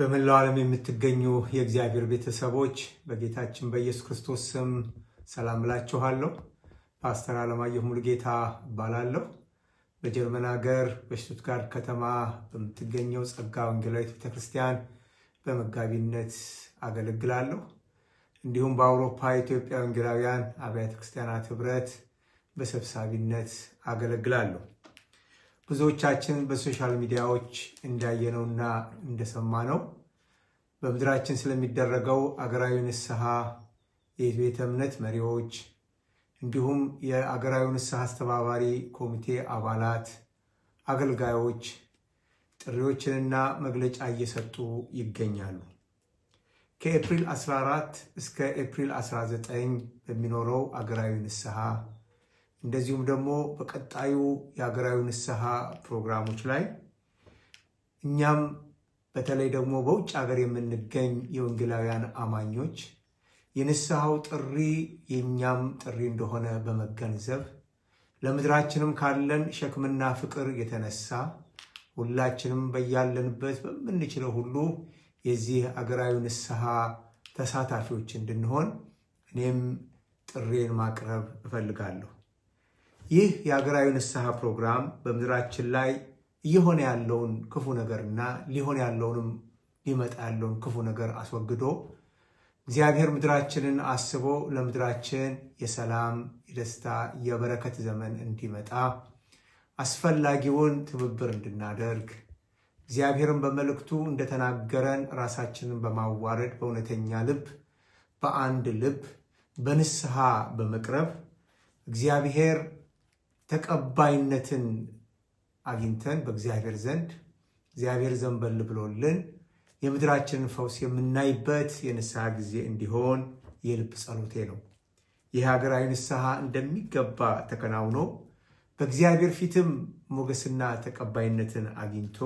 በመላው ዓለም የምትገኙ የእግዚአብሔር ቤተሰቦች በጌታችን በኢየሱስ ክርስቶስ ስም ሰላም እላችኋለሁ። ፓስተር አለማየሁ ሙሉጌታ እባላለሁ። በጀርመን ሀገር በሽቱትጋርት ከተማ በምትገኘው ጸጋ ወንጌላዊት ቤተክርስቲያን በመጋቢነት አገለግላለሁ። እንዲሁም በአውሮፓ ኢትዮጵያ ወንጌላውያን አብያተ ክርስቲያናት ህብረት በሰብሳቢነት አገለግላለሁ። ብዙዎቻችን በሶሻል ሚዲያዎች እንዳየነውና እንደሰማነው በምድራችን ስለሚደረገው አገራዊ ንስሐ የቤተ እምነት መሪዎች እንዲሁም የአገራዊ ንስሐ አስተባባሪ ኮሚቴ አባላት፣ አገልጋዮች ጥሪዎችንና መግለጫ እየሰጡ ይገኛሉ። ከኤፕሪል 14 እስከ ኤፕሪል 19 በሚኖረው አገራዊ ንስሐ እንደዚሁም ደግሞ በቀጣዩ የሀገራዊ ንስሐ ፕሮግራሞች ላይ እኛም በተለይ ደግሞ በውጭ ሀገር የምንገኝ የወንጌላውያን አማኞች የንስሐው ጥሪ የእኛም ጥሪ እንደሆነ በመገንዘብ ለምድራችንም ካለን ሸክምና ፍቅር የተነሳ ሁላችንም በያለንበት በምንችለው ሁሉ የዚህ አገራዊ ንስሐ ተሳታፊዎች እንድንሆን እኔም ጥሬን ማቅረብ እፈልጋለሁ። ይህ የሀገራዊ ንስሐ ፕሮግራም በምድራችን ላይ እየሆነ ያለውን ክፉ ነገርና ሊሆን ያለውንም ሊመጣ ያለውን ክፉ ነገር አስወግዶ እግዚአብሔር ምድራችንን አስቦ ለምድራችን የሰላም፣ የደስታ፣ የበረከት ዘመን እንዲመጣ አስፈላጊውን ትብብር እንድናደርግ እግዚአብሔርን በመልእክቱ እንደተናገረን ራሳችንን በማዋረድ በእውነተኛ ልብ በአንድ ልብ በንስሐ በመቅረብ እግዚአብሔር ተቀባይነትን አግኝተን በእግዚአብሔር ዘንድ እግዚአብሔር ዘንበል ብሎልን የምድራችንን ፈውስ የምናይበት የንስሐ ጊዜ እንዲሆን የልብ ጸሎቴ ነው። ይህ ሀገራዊ ንስሐ እንደሚገባ ተከናውኖ በእግዚአብሔር ፊትም ሞገስና ተቀባይነትን አግኝቶ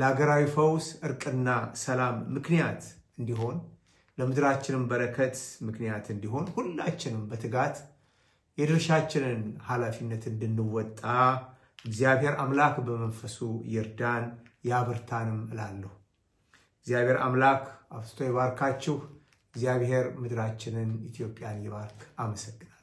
ለሀገራዊ ፈውስ እርቅና ሰላም ምክንያት እንዲሆን ለምድራችንም በረከት ምክንያት እንዲሆን ሁላችንም በትጋት የድርሻችንን ኃላፊነት እንድንወጣ እግዚአብሔር አምላክ በመንፈሱ ይርዳን ያብርታንም እላለሁ። እግዚአብሔር አምላክ አብስቶ ይባርካችሁ። እግዚአብሔር ምድራችንን ኢትዮጵያን ይባርክ። አመሰግናል።